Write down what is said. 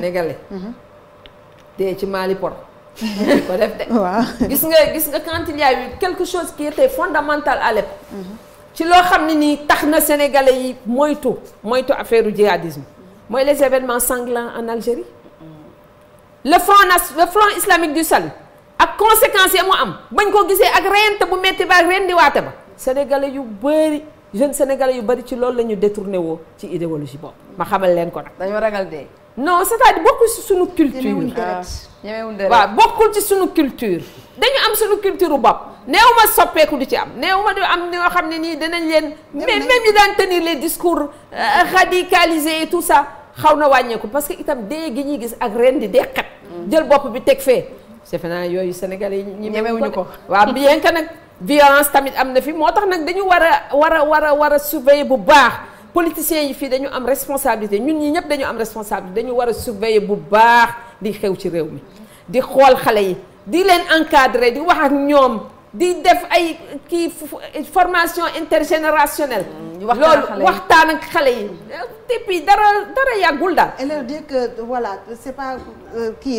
sénégalais. Mhm. dee ci Mali Port. ko def de. waaw gis nga gis nga quand il y a eu quelque chose qui était fondamental à mhm. ci loo xam ne nii tax na sénégalais yi moytu moytu affaire u djihadisme mooy les événements sanglants en Algérie. le front le front islamique du salut ak conséquences yi mu am bañ koo gisee ak reyante bu metti ba rendi waate ba sénégalais yu bëri jeunes sénégalais yu bëri ci loolu lañu ñu woo ci idéologie boobu ma xamal leen ko nag dañoo non c'est-à-dire bokkul ci sunu culture ah. waaw bokkul ci sunu culture dañu am sunu culture bopp néew ma soppeeku di ci am néew ma du am ñoo xam ne nii danañ leen mais même ñi daan tenir les discours euh, radicalisés et tu ça xaw na wàññeeku parce que itam dee gi ñuy gis ak ren di mm. jël bopp bi teg fee defe naa yooyu sénégal yi ñemewuñu ko waaw bien que nag violence tamit am na fi moo tax nag dañu war a war a war a war a surveiller bu baax politiciens yi fii dañu am responsabilité ñun ñi ñëpp dañu am responsabilité dañu war a surveiller bu baax di xew ci réew mi di xool xale yi di leen encadrer di wax ak ñoom di def ay kii formation intergénérationnelle loolu waxtaan ak xale yi et puis dara dara yàggul daal et leur dire que voilà kii